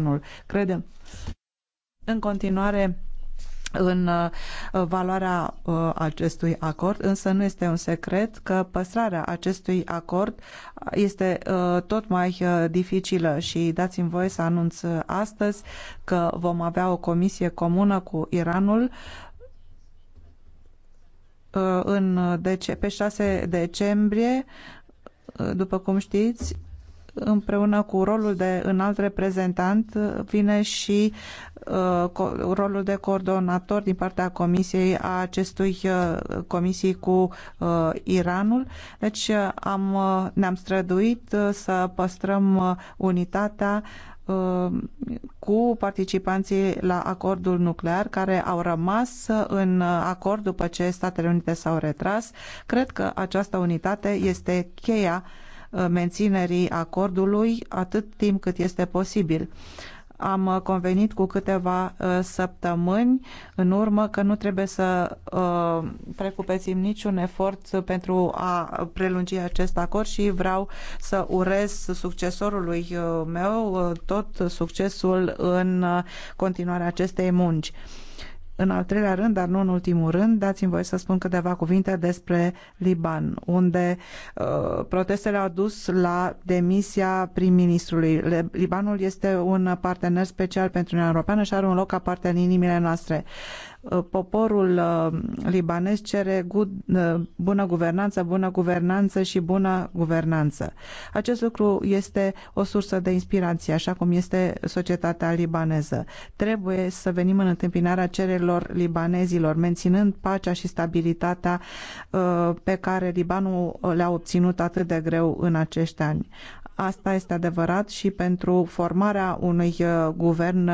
anul. crede în continuare în uh, valoarea uh, acestui acord, însă nu este un secret că păstrarea acestui acord uh, este tot mai dificilă și dați-mi voie să anunț astăzi că vom avea o comisie comună cu Iranul în dece- pe 6 decembrie, după cum știți, împreună cu rolul de înalt reprezentant vine și uh, rolul de coordonator din partea comisiei a acestui uh, comisii cu uh, Iranul. Deci uh, am, uh, ne-am străduit uh, să păstrăm unitatea cu participanții la acordul nuclear care au rămas în acord după ce Statele Unite s-au retras. Cred că această unitate este cheia uh, Uh, menținerii acordului atât timp cât este posibil. Am uh, convenit cu câteva uh, săptămâni în urmă că nu trebuie să precupețim niciun efort pentru a prelungi acest acord și vreau să urez succesorului meu tot succesul în continuarea acestei munci. În al treilea rând, dar nu în ultimul rând, dați-mi voie să spun câteva cuvinte despre Liban, unde uh, protestele au dus la demisia prim-ministrului. Libanul este un partener special pentru Uniunea Europeană și are un loc aparte în inimile noastre. Uh, Uh, poporul uh, libanez cere good, uh, bună guvernanță, bună guvernanță și bună guvernanță. Acest lucru este o sursă de inspirație, așa cum este societatea libaneză. Trebuie să venim în întâmpinarea cererilor libanezilor, menținând pacea și stabilitatea pe care Libanul le-a obținut atât de greu în acești ani. Asta este adevărat și pentru formarea unui guvern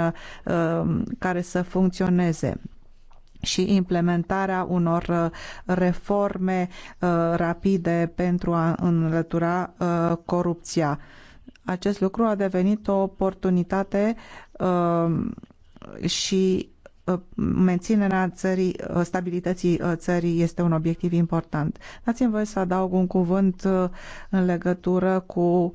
care să funcționeze și implementarea unor uh, reforme uh, rapide pentru a înlătura uh, corupția. Acest lucru a devenit o oportunitate și Ă, menținerea țării, ă, stabilității ă, țării este un obiectiv important. Dați-mi voie să adaug un cuvânt în legătură cu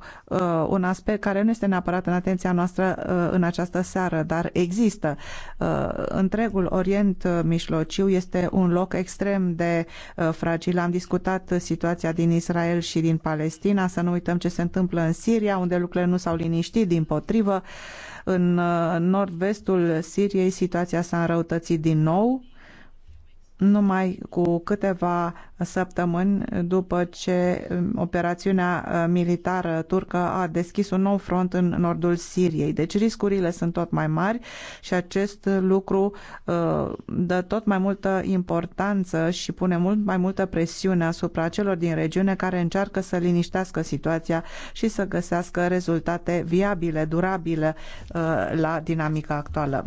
un aspect care nu este neapărat în atenția noastră în această seară, dar există. Întregul Orient Mijlociu este un loc extrem de fragil. Am discutat situația din Israel și din Palestina, să nu uităm ce se întâmplă în Siria, unde lucrurile nu s-au liniștit, din potrivă. În uh, nord-vestul Siriei situația s-a înrăutățit din nou numai cu câteva săptămâni după ce um, operațiunea uh, militară turcă a deschis un nou front în nordul Siriei. Deci riscurile sunt tot mai mari și acest lucru uh, dă tot mai multă importanță și pune mult mai multă presiune asupra celor din regiune care încearcă să liniștească situația și să găsească rezultate viabile, durabile uh, la dinamica actuală.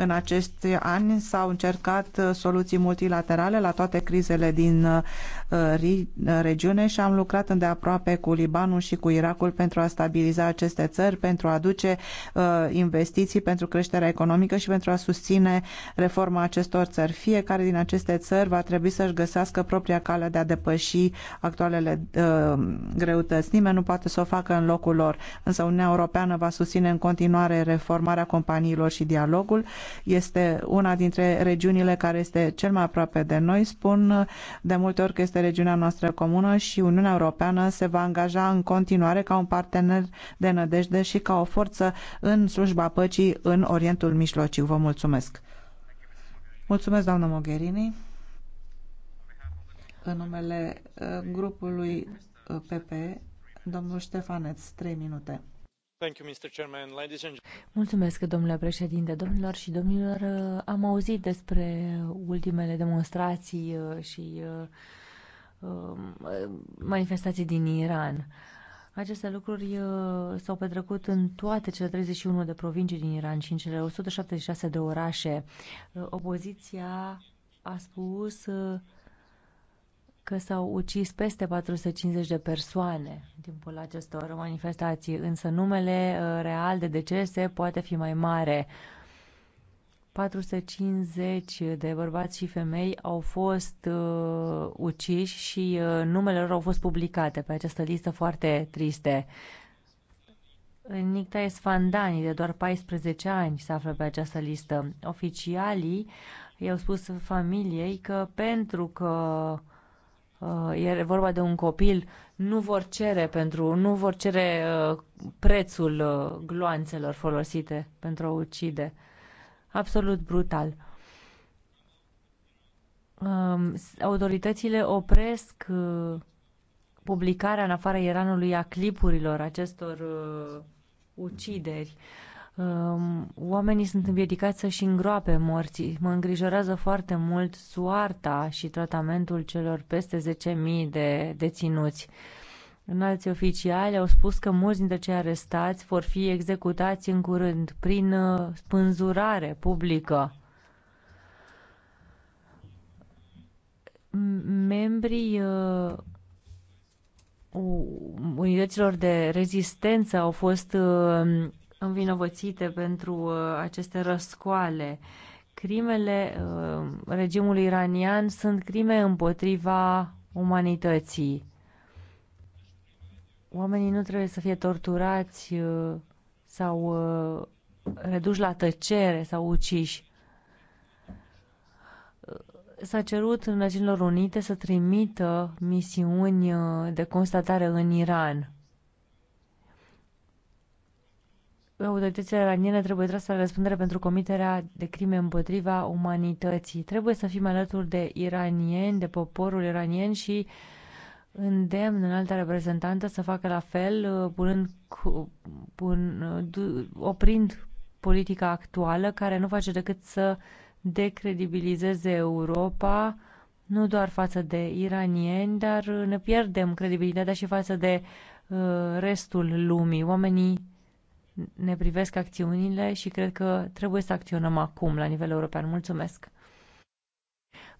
În acești ani s-au încercat uh, soluții multilaterale la toate crizele din uh, regiune și am lucrat îndeaproape cu Libanul și cu Irakul pentru a stabiliza aceste țări, pentru a aduce uh, investiții pentru creșterea economică și pentru a susține reforma acestor țări. Fiecare din aceste țări va trebui să-și găsească propria cale de a depăși actualele uh, greutăți. Nimeni nu poate să o facă în locul lor, însă Uniunea Europeană va susține în continuare reformarea companiilor și dialogul. Este una dintre regiunile care este cel mai aproape de noi. Spun uh, de multe ori că este este regiunea noastră comună și Uniunea Europeană se va angaja în continuare ca un partener de nădejde și ca o forță în slujba păcii în Orientul Mijlociu. Vă mulțumesc! Mulțumesc, doamnă Mogherini! În numele uh, grupului PP, uh, domnul Ștefaneț, 3 minute. Mulțumesc, domnule președinte domnilor și domnilor uh, am auzit despre ultimele demonstrații și Um, manifestații din Iran. Aceste lucruri uh, s-au petrecut în toate cele 31 de provincii din Iran și în cele 176 de orașe. Uh, opoziția a spus uh, că s-au ucis peste 450 de persoane în timpul acestor manifestații, însă numele real de decese poate fi mai mare. 450 de bărbați și femei au fost uh, uciși și uh, numele lor au fost publicate pe această listă foarte triste. Nictae Sfandani, de doar 14 ani, se află pe această listă. Oficialii i-au spus familiei că pentru că uh, e vorba de un copil, nu vor cere pentru, nu vor cere uh, prețul uh, gloanțelor folosite pentru a ucide. Uh, absolut brutal. Um, autoritățile opresc uh, publicarea în afara Iranului a clipurilor acestor uh, ucideri. Um, oamenii sunt împiedicați să-și îngroape morții. Mă îngrijorează foarte mult soarta și tratamentul celor peste 10.000 de deținuți. Înalți oficiali au spus că mulți dintre cei arestați vor fi executați în curând prin uh, spânzurare publică. Membrii uh, unităților de rezistență au fost uh, învinovățite pentru uh, aceste răscoale. Crimele uh, regimului iranian sunt crime împotriva umanității Oamenii nu trebuie să fie torturați uh, sau uh, reduși la tăcere sau uciși. Uh, s-a cerut în Națiunilor Unite să trimită misiuni de constatare în Iran. autoritățile iraniene trebuie trase la răspundere pentru comiterea de crime împotriva umanității. Trebuie să fim alături de iranieni, de poporul iranien și îndemn în alta reprezentantă să facă la fel, uh, punând, pun, uh, oprind politica actuală, care nu face decât să decredibilizeze Europa, nu doar față de iranieni, dar uh, ne pierdem credibilitatea și față de uh, restul lumii. Oamenii ne privesc acțiunile și cred că trebuie să acționăm acum la nivel european. Mulțumesc!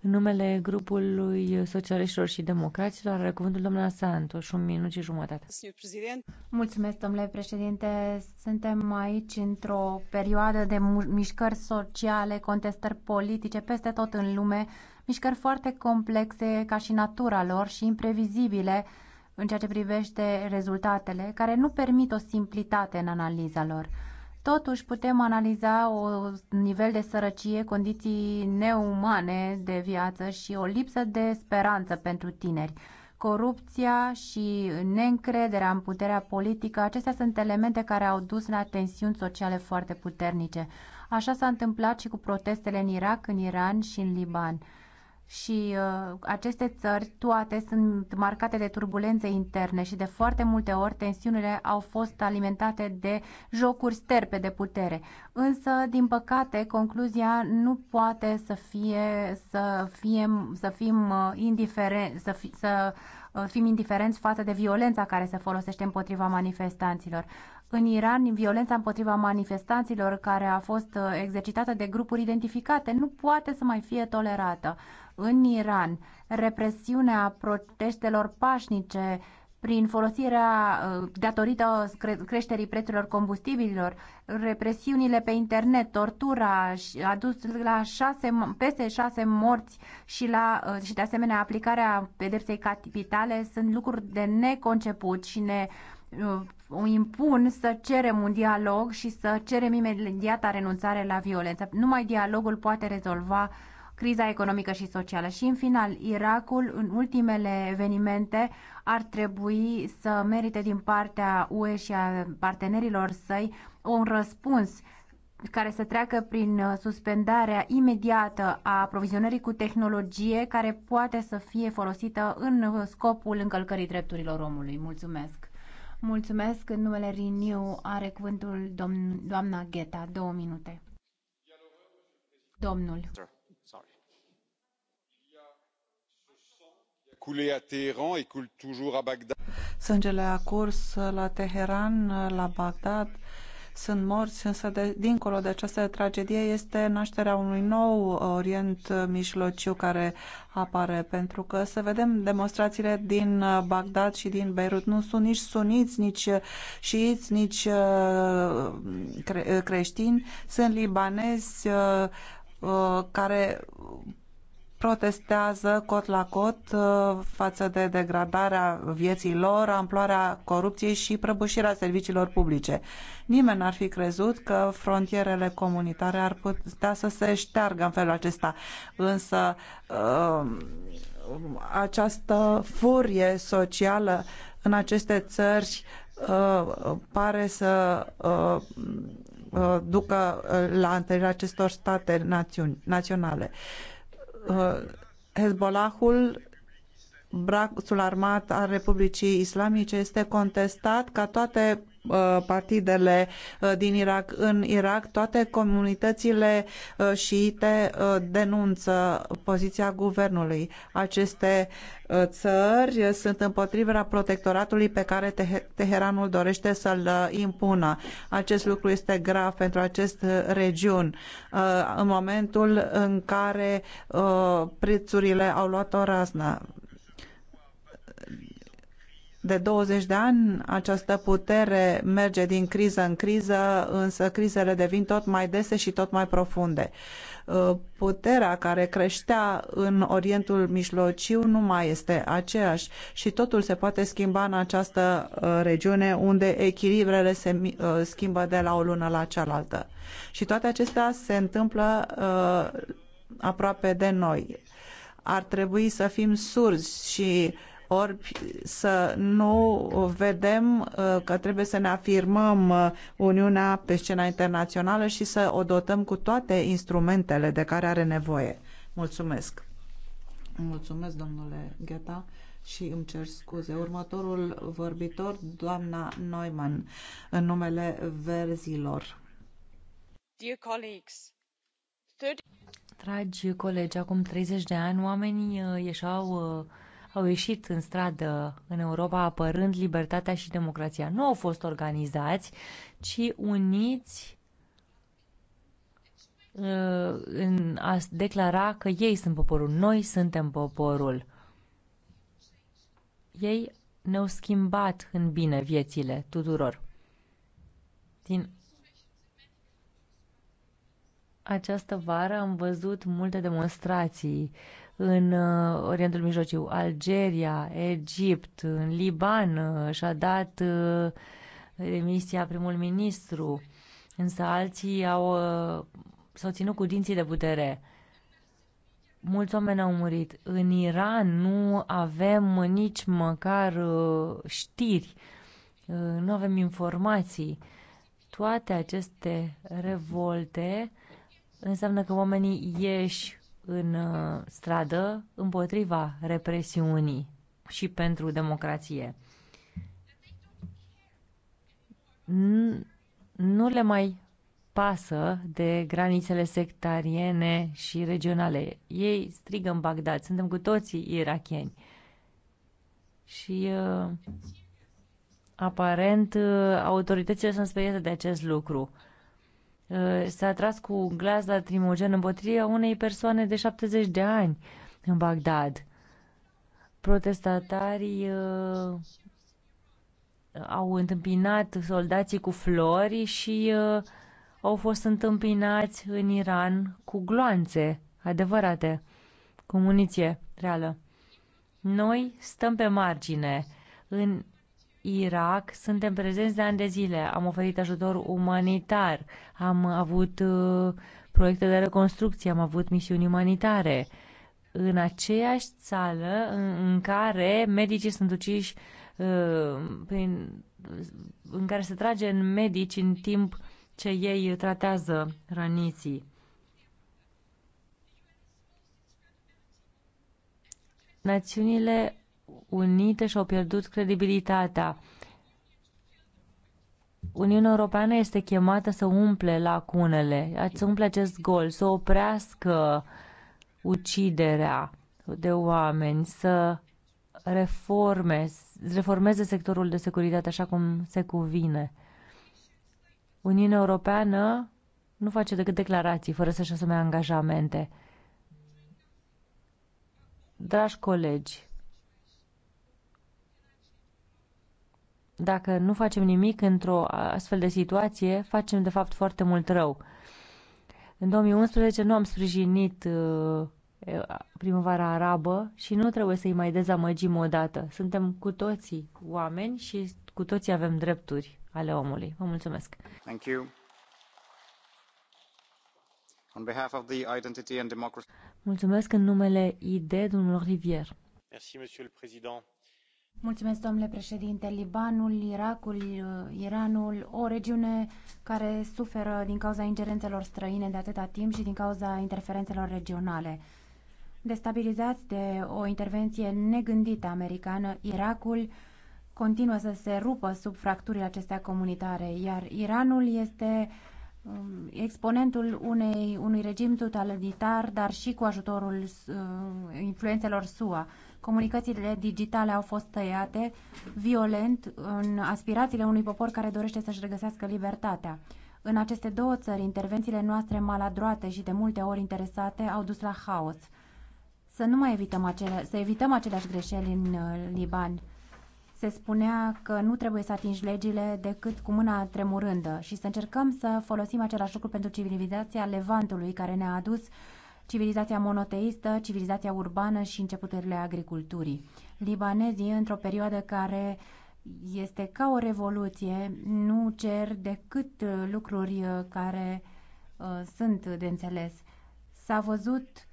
În numele grupului socialiștilor și democraților are cuvântul doamna Santos, un minut și jumătate. Mulțumesc, domnule președinte. Suntem aici într-o perioadă de mișcări sociale, contestări politice peste tot în lume, mișcări foarte complexe ca și natura lor și imprevizibile în ceea ce privește rezultatele, care nu permit o simplitate în analiza lor. Totuși putem analiza un nivel de sărăcie, condiții neumane de viață și o lipsă de speranță pentru tineri. Corupția și neîncrederea în puterea politică, acestea sunt elemente care au dus la tensiuni sociale foarte puternice. Așa s-a întâmplat și cu protestele în Irak, în Iran și în Liban și uh, aceste țări toate sunt marcate de turbulențe interne și de foarte multe ori tensiunile au fost alimentate de jocuri sterpe de putere. Însă, din păcate, concluzia nu poate să fie să fim să fim uh, indiferenți, să, fi, să uh, fim indiferenți față de violența care se folosește împotriva manifestanților. În Iran, violența împotriva manifestanților care a fost uh, exercitată de grupuri identificate nu poate să mai fie tolerată în Iran, represiunea protestelor pașnice prin folosirea uh, datorită creșterii prețurilor combustibililor, represiunile pe internet, tortura a dus la șase, peste șase morți și, la, uh, și de asemenea aplicarea pedepsei capitale sunt lucruri de neconceput și ne o uh, impun să cerem un dialog și să cerem imediata renunțare la violență. Numai dialogul poate rezolva uh, criza economică și socială. Și în final, Irakul, în ultimele evenimente, ar trebui să merite din partea UE și a partenerilor săi un răspuns care să treacă prin suspendarea imediată a aprovizionării cu tehnologie care poate să fie folosită în scopul încălcării drepturilor omului. Mulțumesc! Mulțumesc! În numele Renew are cuvântul domn- doamna Gheta. Două minute. Domnul. Sângele a curs la Teheran, la Bagdad, sunt morți, însă de, dincolo de această tragedie este nașterea unui nou Orient Mijlociu care apare, pentru că să vedem demonstrațiile din Bagdad și din Beirut. Nu sunt nici suniți, nici șiiți, nici uh, cre creștini, sunt libanezi uh, care protestează cot la cot uh, față de degradarea vieții lor, amploarea corupției și prăbușirea serviciilor publice. Nimeni n-ar fi crezut că frontierele comunitare ar putea să se șteargă în felul acesta, însă uh, această furie socială în aceste țări uh, pare să ducă la întâlnirea acestor state națiuni, naționale. Uh, Hezbollahul, brațul armat al Republicii Islamice, este contestat ca toate Uh, partidele uh, din Irak în Irak, toate comunitățile uh, șiite denunță poziția guvernului. Aceste țări sunt împotriva protectoratului pe care Teheranul dorește să-l impună. Acest lucru este grav pentru acest regiune. În momentul în care prețurile au luat o raznă, de 20 de ani această putere merge din criză în criză, însă crizele devin tot mai dese și tot mai profunde. Uh, puterea care creștea în Orientul Mijlociu nu mai este aceeași și totul se poate schimba în această uh, regiune unde echilibrele se uh, schimbă de la o lună la cealaltă. Și toate acestea se întâmplă aproape de noi. Ar trebui să fim surzi și orbi să nu vedem uh, că trebuie să ne afirmăm uh, Uniunea pe scena internațională și să o dotăm cu toate instrumentele de care are nevoie. Mulțumesc! Mulțumesc, domnule Gheta și îmi cer scuze. Următorul vorbitor, doamna Neumann, în numele verzilor. Dear colleagues, 30... Dragi colegi, acum 30 de ani oamenii uh, ieșau au ieșit în stradă în Europa apărând libertatea și democrația. Nu au fost organizați, ci uniți uh, în a declara că ei sunt poporul, noi suntem poporul. Ei ne-au schimbat în bine viețile tuturor. Din această vară am văzut multe demonstrații uh, în uh, Orientul Mijlociu, Algeria, Egipt, în Liban uh, și-a dat uh, demisia primul ministru, însă alții au, s-au ținut cu dinții de putere. Mulți oameni au murit. În Iran nu avem nici măcar știri, nu avem informații. Toate aceste revolte înseamnă că oamenii ieși în uh, stradă împotriva represiunii și pentru democrație. Nu le mai pasă de granițele sectariene și regionale. Ei strigă în Bagdad, suntem cu toții irakieni. Și uh, aparent uh, autoritățile sunt speriate de acest lucru. Uh, Uh, s-a tras cu glas lacrimogen împotriva unei persoane de 70 de ani în Bagdad. Protestatarii uh, au întâmpinat soldații cu flori și uh, au fost întâmpinați în Iran cu gloanțe adevărate, cu muniție reală. Noi stăm pe margine. În Irak suntem prezenți de ani de zile. Am oferit ajutor umanitar, am avut uh, proiecte de reconstrucție, am avut misiuni umanitare. În aceeași țară în, în care medicii sunt uciși, uh, prin, în care se trage în medici în timp ce ei tratează răniții. Națiunile unite și-au pierdut credibilitatea. Uniunea Europeană este chemată să umple lacunele, să umple acest gol, să oprească uciderea de oameni, să reforme, reformeze sectorul de securitate așa cum se cuvine. Uniunea Europeană nu face decât declarații fără să-și asume angajamente. Dragi colegi, Dacă nu facem nimic într-o astfel de situație, facem de fapt foarte mult rău. În 2011 nu am sprijinit uh, primăvara arabă și nu trebuie să-i mai dezamăgim odată. Suntem cu toții oameni și cu toții avem drepturi ale omului. Vă mulțumesc! Thank you. On behalf of the Identity and Democracy. Mulțumesc în numele ID, domnul Rivier. Merci, monsieur le président Mulțumesc, domnule președinte. Libanul, Irakul, Iranul, o regiune care suferă din cauza ingerențelor străine de atâta timp și din cauza interferențelor regionale. Destabilizați de o intervenție negândită americană, Irakul continuă să se rupă sub fracturile acestea comunitare, iar Iranul este uh, Um, exponentul unei, unui regim totalitar, dar și cu ajutorul uh, influențelor SUA. Comunicațiile digitale au fost tăiate violent în aspirațiile unui popor care dorește să-și regăsească libertatea. În aceste două țări, intervențiile noastre maladroate și de multe ori interesate au dus la haos. Să nu mai evităm, acele, să evităm aceleași greșeli în uh, Liban se spunea că nu trebuie să atingi legile decât cu mâna tremurândă și să încercăm să folosim același lucru pentru civilizația Levantului care ne-a adus civilizația monoteistă, civilizația urbană și începuturile agriculturii. Libanezii, într-o perioadă care este ca o revoluție, nu cer decât lucruri uh, care uh, sunt de înțeles. S-a văzut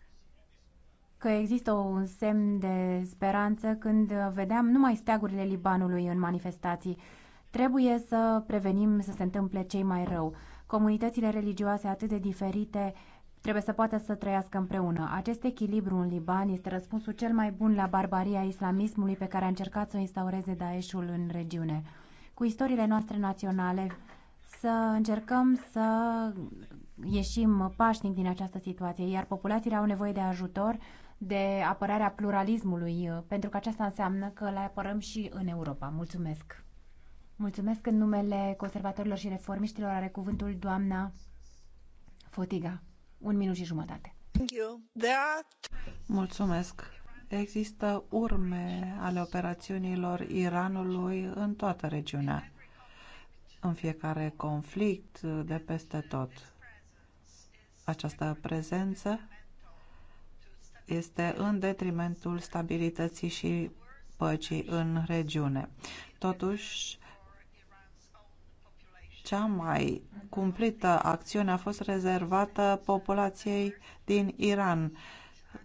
că există un semn de speranță când vedeam numai steagurile Libanului în manifestații. Trebuie să prevenim să se întâmple cei mai rău. Comunitățile religioase atât de diferite trebuie să poată să trăiască împreună. Acest echilibru în Liban este răspunsul cel mai bun la barbaria islamismului pe care a încercat să o instaureze Daeshul în regiune. Cu istoriile noastre naționale să încercăm să ieșim pașnic din această situație, iar populațiile au nevoie de ajutor de apărarea pluralismului, uh, pentru că aceasta înseamnă că le apărăm și în Europa. Mulțumesc! Mulțumesc în numele conservatorilor și reformiștilor are cuvântul doamna Fotiga. Un minut și jumătate. Mulțumesc. Există urme ale operațiunilor Iranului în toată regiunea, în fiecare conflict, de peste tot. Această prezență este în detrimentul stabilității și păcii în regiune. Totuși, cea mai cumplită acțiune a fost rezervată populației din Iran,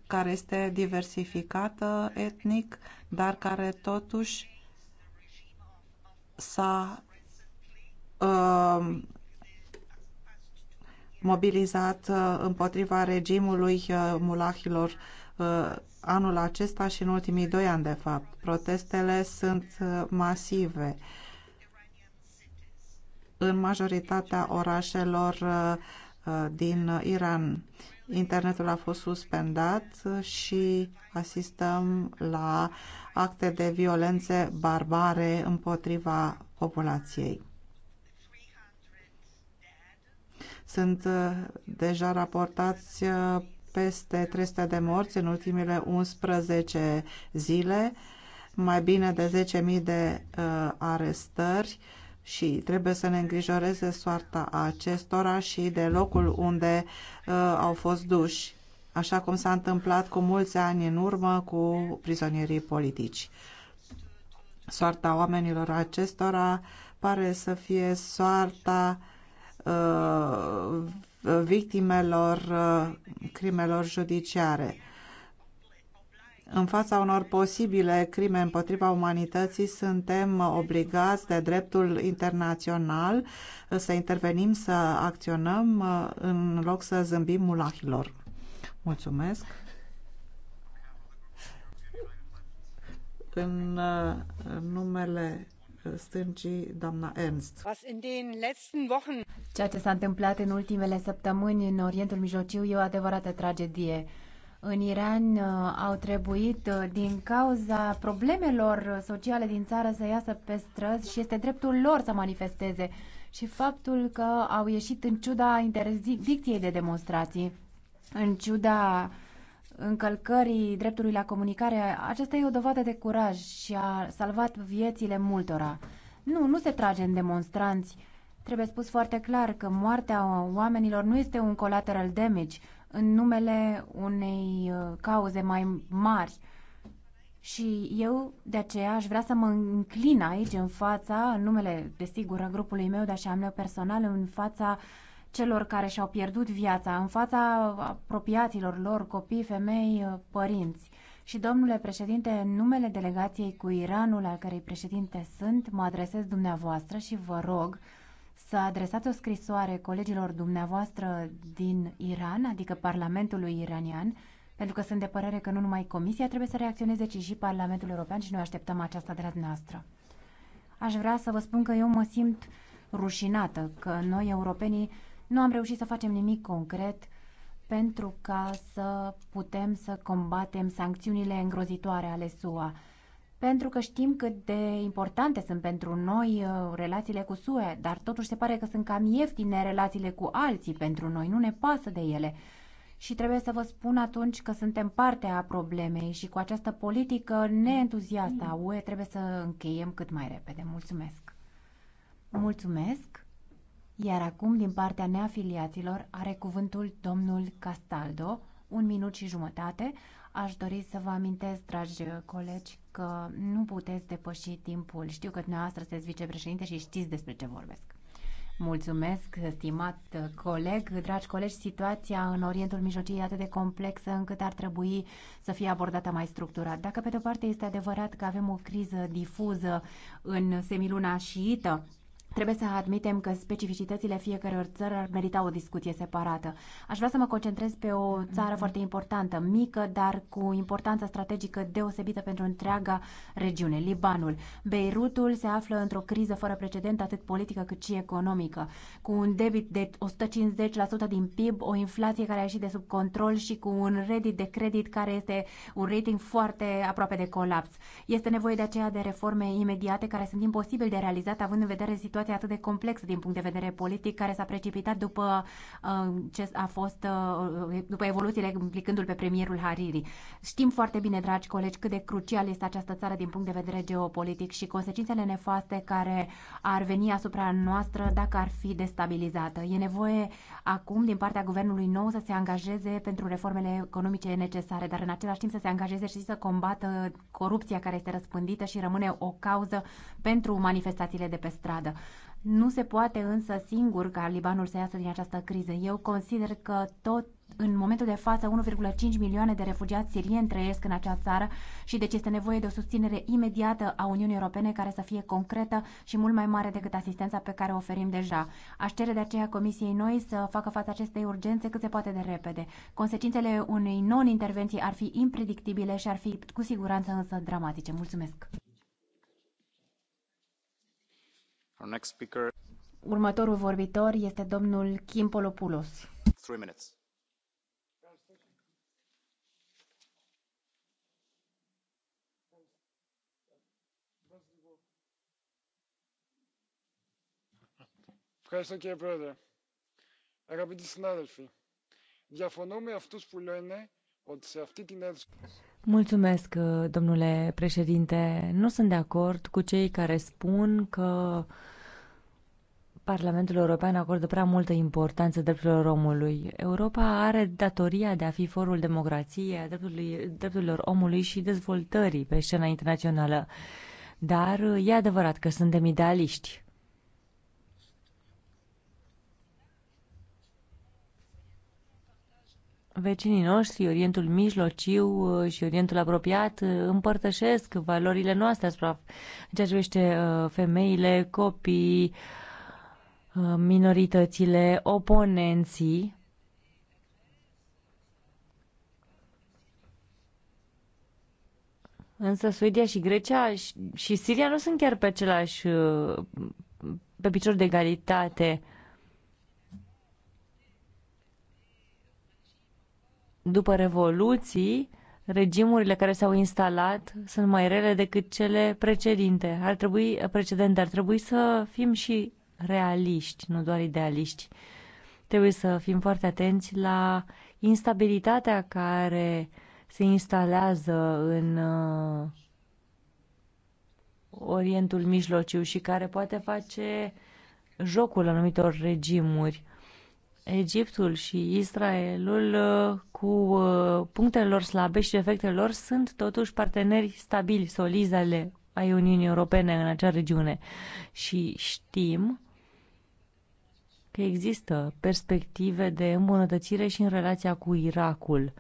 care este diversificată etnic, dar care totuși s-a uh, mobilizat uh, împotriva regimului uh, mulahilor uh, anul acesta și în ultimii doi ani, de fapt. Protestele sunt masive în majoritatea orașelor din Iran. Internetul a fost suspendat și asistăm la acte de violențe barbare împotriva populației. Sunt uh, deja raportați uh, peste 300 de morți în ultimele 11 zile, mai bine de 10.000 de uh, arestări și trebuie să ne îngrijoreze soarta acestora și de locul unde uh, au fost duși, așa cum s-a întâmplat cu mulți ani în urmă cu prizonierii politici. Soarta oamenilor acestora pare să fie soarta Uh, victimelor uh, crimelor judiciare. În fața unor posibile crime împotriva umanității, suntem obligați de dreptul internațional să intervenim, să acționăm, uh, în loc să zâmbim mulahilor. Mulțumesc! În numele stângii, doamna Ernst. Ceea ce s-a întâmplat în ultimele săptămâni în Orientul Mijlociu e o adevărată tragedie. În Iran uh, au trebuit, uh, din cauza problemelor sociale din țară, să iasă pe străzi și este dreptul lor să manifesteze. Și faptul că au ieșit în ciuda interzicției de demonstrații, în ciuda uh, încălcării dreptului la comunicare, aceasta e o dovadă de curaj și a salvat viețile multora. Nu, nu se trage în demonstranți. Trebuie spus foarte clar că moartea oamenilor nu este un collateral damage în numele unei uh, cauze mai mari. Și eu de aceea aș vrea să mă înclin aici în fața, în numele, desigur, a grupului meu, dar și a meu personal, în fața uh, celor care și-au pierdut viața în fața apropiaților lor, copii, femei, părinți. Și, domnule președinte, în numele delegației cu Iranul, al cărei președinte sunt, mă adresez dumneavoastră și vă rog să adresați o scrisoare colegilor dumneavoastră din Iran, adică Parlamentului iranian, pentru că sunt de părere că nu numai Comisia trebuie să reacționeze, ci și Parlamentul European și noi așteptăm aceasta de la dumneavoastră. Aș vrea să vă spun că eu mă simt rușinată că noi, europenii, nu am reușit să facem nimic concret pentru ca să putem să combatem sancțiunile îngrozitoare ale SUA. Pentru că știm cât de importante sunt pentru noi uh, relațiile cu SUE, dar totuși se pare că sunt cam ieftine relațiile cu alții pentru noi, nu ne pasă de ele. Și trebuie să vă spun atunci că suntem parte a problemei și cu această politică neentuziastă a UE trebuie să încheiem cât mai repede. Mulțumesc! Mulțumesc! Iar acum, din partea neafiliaților, are cuvântul domnul Castaldo, un minut și jumătate. Aș dori să vă amintesc, dragi colegi, că nu puteți depăși timpul. Știu că dumneavoastră sunteți vicepreședinte și știți despre ce vorbesc. Mulțumesc, stimat coleg. Dragi colegi, situația în Orientul Mijlociu e atât de complexă încât ar trebui să fie abordată mai structurat. Dacă, pe de-o parte, este adevărat că avem o criză difuză în semiluna șiită, Trebuie să admitem că specificitățile fiecăror țări ar merita o discuție separată. Aș vrea să mă concentrez pe o țară foarte importantă, mică, dar cu importanță strategică deosebită pentru întreaga regiune, Libanul. Beirutul se află într-o criză fără precedent, atât politică cât și economică, cu un debit de 150% din PIB, o inflație care a ieșit de sub control și cu un redit de credit care este un rating foarte aproape de colaps. Este nevoie de aceea de reforme imediate care sunt imposibil de realizat având în vedere situația situație atât de complexă din punct de vedere politic, care s-a precipitat după uh, ce a fost, uh, după evoluțiile implicându-l pe premierul Hariri. Știm foarte bine, dragi colegi, cât de crucial este această țară din punct de vedere geopolitic și consecințele nefaste care ar veni asupra noastră dacă ar fi destabilizată. E nevoie acum, din partea guvernului nou, să se angajeze pentru reformele economice necesare, dar în același timp să se angajeze și să combată corupția care este răspândită și rămâne o cauză pentru manifestațiile de pe stradă. Nu se poate însă singur ca Libanul să iasă din această criză. Eu consider că tot în momentul de față 1,5 milioane de refugiați sirieni trăiesc în acea țară și deci este nevoie de o susținere imediată a Uniunii Europene care să fie concretă și mult mai mare decât asistența pe care o oferim deja. Aș cere de aceea Comisiei noi să facă față acestei urgențe cât se poate de repede. Consecințele unei non-intervenții ar fi impredictibile și ar fi cu siguranță însă dramatice. Mulțumesc! Următorul vorbitor este domnul Kim Polopoulos. Three minutes. Ευχαριστώ κύριε Πρόεδρε. Αγαπητοί συνάδελφοι, διαφωνώ με αυτούς που λένε ότι σε αυτή την αίθουσα... Mulțumesc, uh, domnule președinte. Nu sunt de acord cu cei care spun că Parlamentul European acordă prea multă importanță drepturilor omului. Europa are datoria de a fi forul democrației, a drepturilor omului și dezvoltării pe scena internațională. Dar uh, e adevărat că suntem idealiști. Vecinii noștri, Orientul Mijlociu uh, și Orientul Apropiat, uh, împărtășesc valorile noastre asupra ceea ce vește uh, femeile, copii, minoritățile, oponenții. Însă Suedia și Grecia și Siria nu sunt chiar pe același pe picior de egalitate. Uh, după revoluții, regimurile care s-au instalat sunt mai rele decât cele precedente. Ar trebui, precedente. Ar trebui să fim și realiști, nu doar idealiști. Trebuie să fim foarte atenți la instabilitatea care se instalează în uh, Orientul Mijlociu și care poate face jocul anumitor regimuri. Egiptul și Israelul, uh, cu uh, punctele lor slabe și defectele lor, sunt totuși parteneri stabili, solizi ale ai Uniunii Europene în acea regiune. Și știm că există perspective de îmbunătățire și în relația cu Irakul.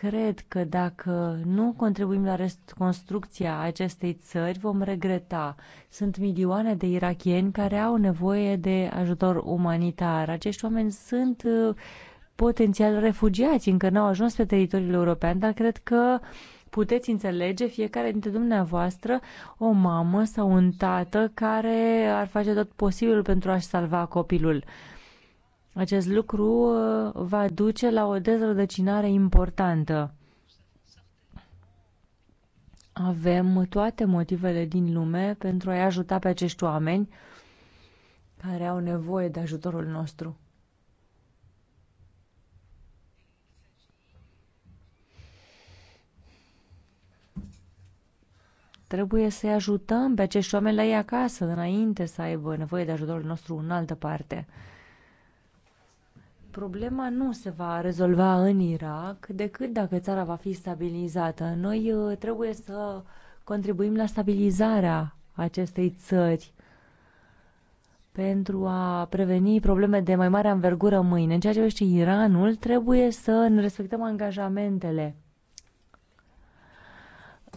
Cred că dacă nu contribuim la reconstrucția acestei țări, vom regreta. Sunt milioane de irachieni care au nevoie de ajutor umanitar. Acești oameni sunt uh, potențial refugiați, încă n-au ajuns pe teritoriul european, dar cred că puteți înțelege fiecare dintre dumneavoastră o mamă sau un tată care ar face tot posibilul pentru a-și salva copilul. Acest lucru uh, va duce la o dezrădăcinare importantă. Avem toate motivele din lume pentru a-i ajuta pe acești oameni care au nevoie de ajutorul nostru. Trebuie să-i ajutăm pe acești oameni la ei acasă, înainte să aibă nevoie de ajutorul nostru în altă parte. Problema nu se va rezolva în Irak decât dacă țara va fi stabilizată. Noi uh, trebuie să contribuim la stabilizarea acestei țări pentru a preveni probleme de mai mare anvergură mâine. În ceea ce privește Iranul, trebuie să ne respectăm angajamentele.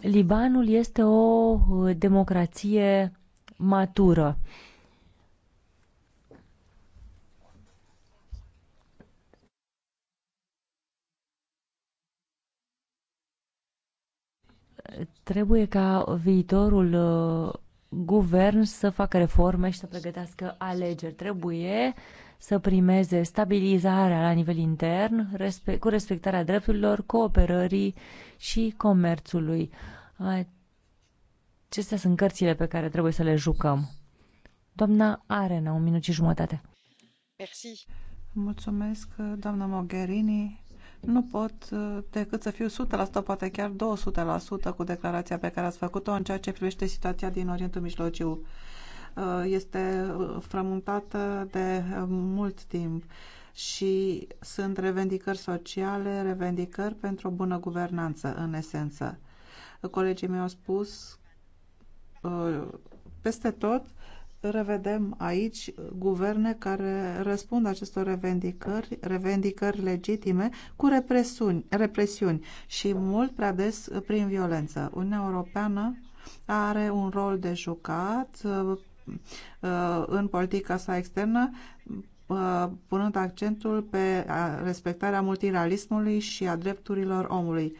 Libanul este o uh, democrație matură. Trebuie ca viitorul uh, guvern să facă reforme și să pregătească alegeri. Trebuie să primeze stabilizarea la nivel intern respect, cu respectarea drepturilor, cooperării și comerțului. Acestea sunt cărțile pe care trebuie să le jucăm. Doamna Arena, un minut și jumătate. Merci. Mulțumesc, doamna Mogherini. Nu pot uh, decât să fiu 100%, poate chiar 200% cu declarația pe care ați făcut-o în ceea ce privește situația din Orientul Mijlociu. Uh, este uh, frământată de mult timp și sunt revendicări sociale, revendicări pentru o bună guvernanță, în esență. Colegii mei au spus peste tot revedem aici guverne care răspund acestor revendicări, revendicări legitime, cu represiuni, represiuni și mult prea des prin violență. Uniunea Europeană are un rol de jucat uh, uh, în politica sa externă, uh, punând accentul pe respectarea multilateralismului și a drepturilor omului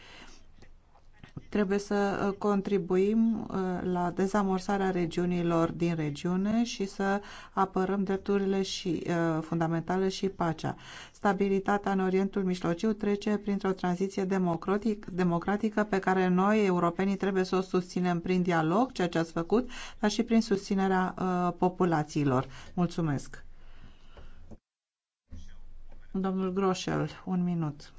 Trebuie să uh, contribuim uh, la dezamorsarea regiunilor din regiune și să apărăm drepturile și, uh, fundamentale și pacea. Stabilitatea în Orientul Mijlociu trece printr-o tranziție democratic, democratică pe care noi, europenii, trebuie să o susținem prin dialog, ceea ce ați făcut, dar și prin susținerea uh, populațiilor. Mulțumesc! Domnul Groșel, un minut.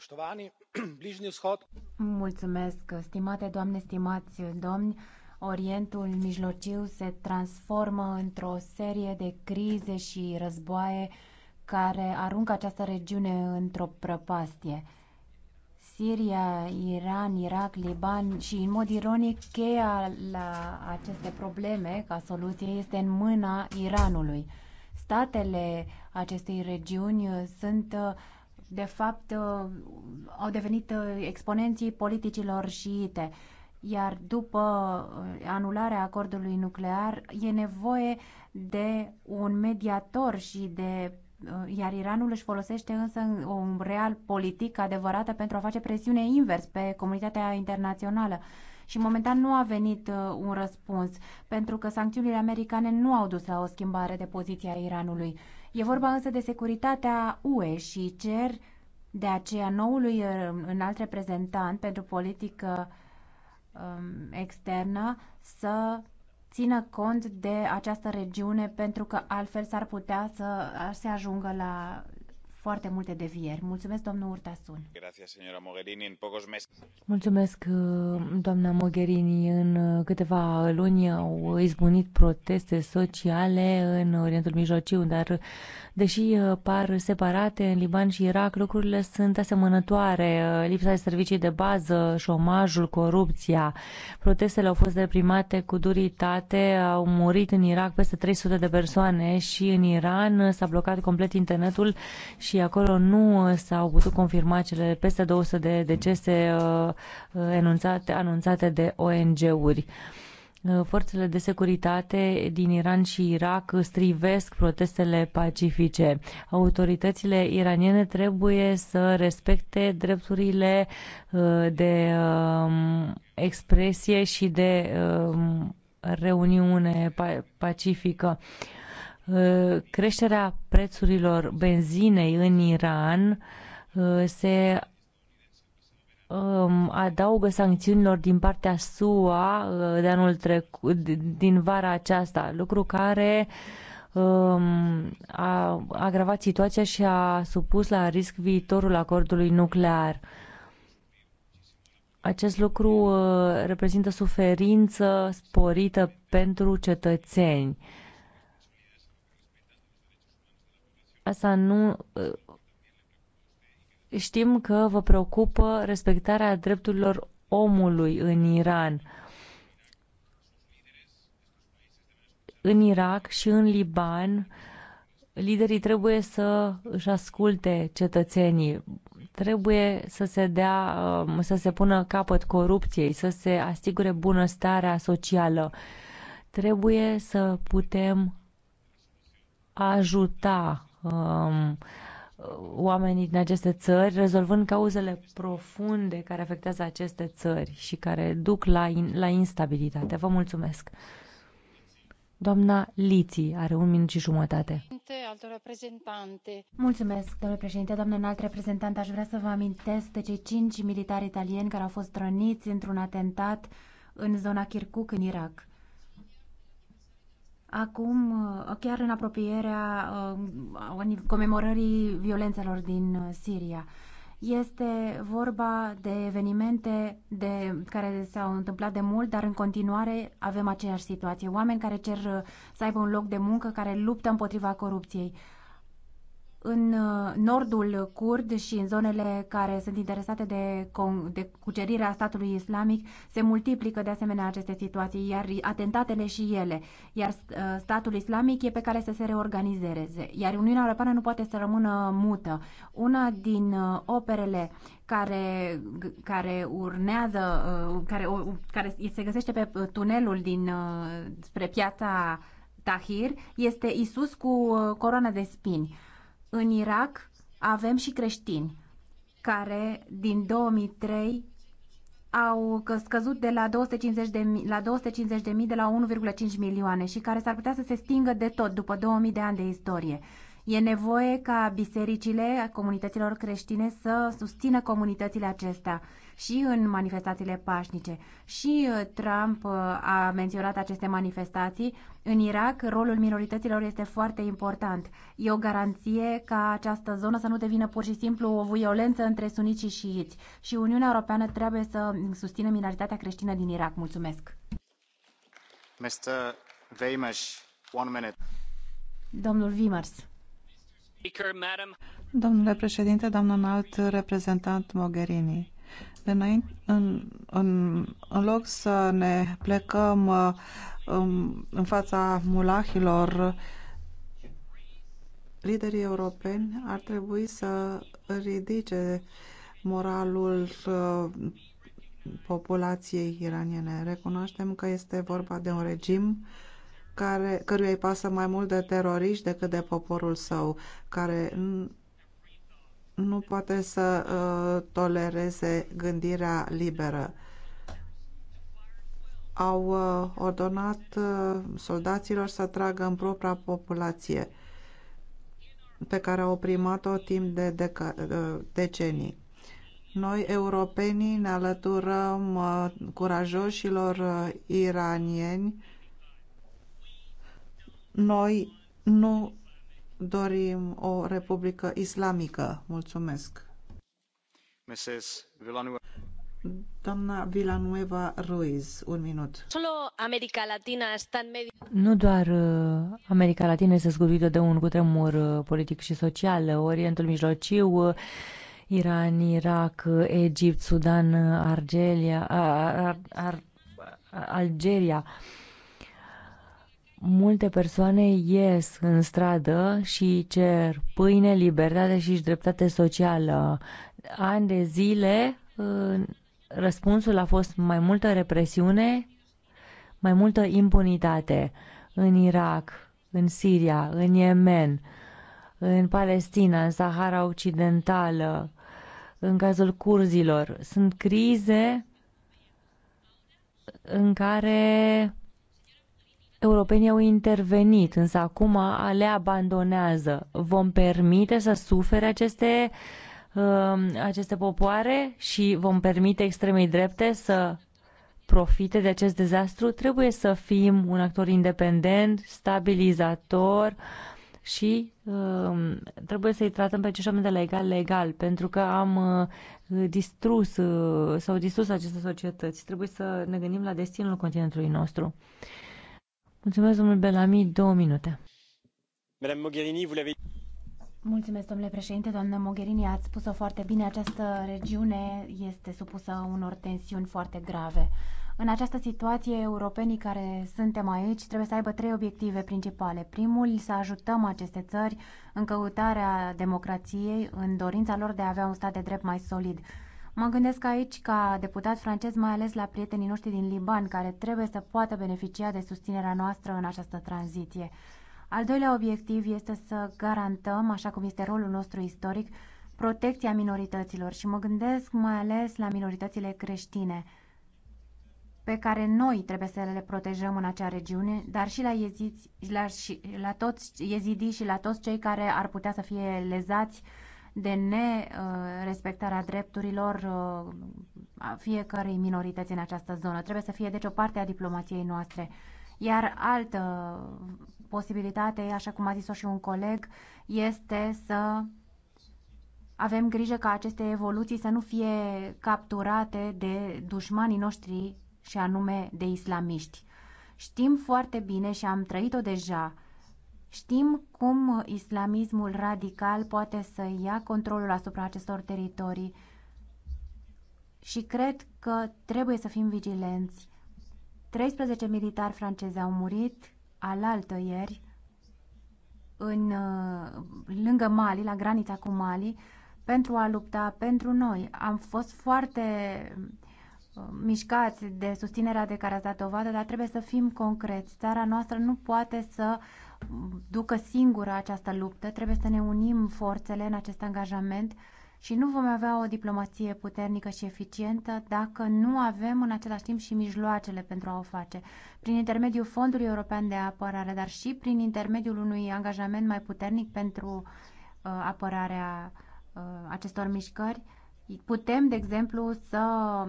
Mulțumesc, stimate doamne, stimați domni. Orientul Mijlociu se transformă într-o serie de crize și războaie care aruncă această regiune într-o prăpastie. Siria, Iran, Irak, Liban și, în mod ironic, cheia la aceste probleme ca soluție este în mâna Iranului. Statele acestei regiuni sunt uh, de fapt, uh, au devenit uh, exponenții politicilor șiite. Iar după uh, anularea acordului nuclear, e nevoie de un mediator și de iar Iranul își folosește însă un real politic adevărată pentru a face presiune invers pe comunitatea internațională. Și momentan nu a venit un răspuns, pentru că sancțiunile americane nu au dus la o schimbare de poziție a Iranului. E vorba însă de securitatea UE și cer de aceea noului uh, înalt reprezentant pentru politică um, externă să țină cont de această regiune pentru că altfel s-ar putea să se ajungă la foarte multe devieri. Mulțumesc, domnul Urtasun. Mulțumesc, uh, doamna Mogherini. În uh, câteva luni au izbunit proteste sociale în Orientul Mijlociu, dar Deși uh, par separate în Liban și Irak, lucrurile sunt asemănătoare. Uh, lipsa de servicii de bază, șomajul, corupția. Protestele au fost reprimate cu duritate, au murit în Irak peste 300 de persoane și în Iran s-a blocat complet internetul și acolo nu uh, s-au putut confirma cele peste 200 de decese enunțate, anunțate de ONG-uri. Uh, forțele de securitate din Iran și Irak strivesc protestele pacifice. Autoritățile iraniene trebuie să respecte drepturile uh, de um, expresie și de um, reuniune pacifică. Uh, creșterea prețurilor benzinei în Iran se Um, adaugă sancțiunilor din partea SUA uh, de anul trecut, din vara aceasta, lucru care um, a agravat situația și a supus la risc viitorul acordului nuclear. Acest lucru uh, reprezintă suferință sporită pentru cetățeni. Asta nu uh, Știm că vă preocupă respectarea drepturilor omului în Iran. În Irak și în Liban, liderii trebuie să își asculte cetățenii, trebuie să se dea, um, să se pună capăt corupției, să se asigure bunăstarea socială. Trebuie să putem ajuta um, oamenii din aceste țări, rezolvând cauzele profunde care afectează aceste țări și care duc la, in, la instabilitate. Vă mulțumesc! Doamna Liții are un minut și jumătate. Mulțumesc, domnule președinte. Doamnă înalt reprezentant, aș vrea să vă amintesc de cei cinci militari italieni care au fost răniți într-un atentat în zona Kirkuk, în Irak. Acum, uh, chiar în apropierea uh, comemorării violențelor din uh, Siria, este vorba de evenimente de, care s-au întâmplat de mult, dar în continuare avem aceeași situație. Oameni care cer să aibă un loc de muncă, care luptă împotriva corupției în uh, nordul curd și în zonele care sunt interesate de, de cucerirea statului islamic se multiplică de asemenea aceste situații, iar atentatele și ele, iar uh, statul islamic e pe care să se reorganizeze, iar Uniunea Europeană nu poate să rămână mută. Una din uh, operele care, care urnează, care, care se găsește pe tunelul din, spre piața Tahir, este Isus cu coroana de spini în Irak avem și creștini care din 2003 au scăzut de la 250 de, la 250 de mii de la 1,5 milioane și care s-ar putea să se stingă de tot după 2000 de ani de istorie. E nevoie ca bisericile comunităților creștine să susțină comunitățile acestea și în manifestațiile pașnice. Și uh, Trump uh, a menționat aceste manifestații. În Irak, rolul minorităților este foarte important. E o garanție ca această zonă să nu devină pur și simplu o violență între sunici și șiiți. Și Uniunea Europeană trebuie să susțină minoritatea creștină din Irak. Mulțumesc! Mr. Weimers, one minute. Domnul Vimers. Domnule președinte, doamnă înalt reprezentant Mogherini, Înainte, în, în, în loc să ne plecăm în, uh, um, în fața mulahilor, liderii europeni ar trebui să ridice moralul uh, populației iraniene. Recunoaștem că este vorba de un regim care, căruia îi pasă mai mult de teroriști decât de poporul său, care nu poate să uh, tolereze gândirea liberă. Au uh, ordonat uh, soldaților să tragă în propria populație pe care au oprimat-o timp de decenii. Noi, europenii, ne alăturăm curajoșilor iranieni. Noi nu dorim o republică islamică. Mulțumesc. Villanueva. Doamna Villanueva Ruiz, un minut. Nu doar uh, America Latina este zguduită de un cutremur uh, politic și social. Orientul Mijlociu, uh, Iran, Irak, Egipt, Sudan, Argelia, Ar, Ar, Ar, Algeria multe persoane ies în stradă și cer pâine, libertate și dreptate socială. Ani de zile ă, răspunsul a fost mai multă represiune, mai multă impunitate în Irak, în Siria, în Yemen, în Palestina, în Sahara Occidentală, în cazul curzilor. Sunt crize în care europenii au intervenit, însă acum le abandonează. Vom permite să sufere aceste, um, aceste popoare și vom permite extremei drepte să profite de acest dezastru? Trebuie să fim un actor independent, stabilizator și um, trebuie să-i tratăm pe acești oameni de la egal la egal, pentru că am uh, distrus uh, sau distrus aceste societăți. Trebuie să ne gândim la destinul continentului nostru. Mulțumesc, domnul Bellamy, două minute. Madame Mogherini, vous l'avez... Mulțumesc, domnule președinte. Doamnă Mogherini, ați spus-o foarte bine. Această regiune este supusă unor tensiuni foarte grave. În această situație, europenii care suntem aici trebuie să aibă trei obiective principale. Primul, să ajutăm aceste țări în căutarea democrației, în dorința lor de a avea un stat de drept mai solid. Mă gândesc aici, ca deputat francez, mai ales la prietenii noștri din Liban, care trebuie să poată beneficia de susținerea noastră în această tranziție. Al doilea obiectiv este să garantăm, așa cum este rolul nostru istoric, protecția minorităților și mă gândesc mai ales la minoritățile creștine, pe care noi trebuie să le protejăm în acea regiune, dar și la, la, și, la toți yezidii și la toți cei care ar putea să fie lezați uh, de nerespectarea drepturilor uh, a fiecărei minorități în această zonă. Trebuie să fie, deci, o parte a diplomației noastre. Iar altă posibilitate, așa cum a zis-o și un coleg, este să avem grijă ca aceste evoluții să nu fie capturate de dușmanii noștri și anume de islamiști. Știm foarte bine și am trăit-o deja Știm cum islamismul radical poate să ia controlul asupra acestor teritorii și cred că trebuie să fim vigilenți. 13 militari francezi au murit alaltă ieri în, lângă Mali, la granița cu Mali, pentru a lupta pentru noi. Am fost foarte uh, mișcați de susținerea de care ați dat dovadă, dar trebuie să fim concreți. Țara noastră nu poate să ducă singură această luptă, trebuie să ne unim forțele în acest angajament și nu vom avea o diplomație puternică și eficientă dacă nu avem în același timp și mijloacele pentru a o face. Prin intermediul Fondului European de Apărare, dar și prin intermediul unui angajament mai puternic pentru uh, apărarea uh, acestor mișcări, putem, de exemplu, să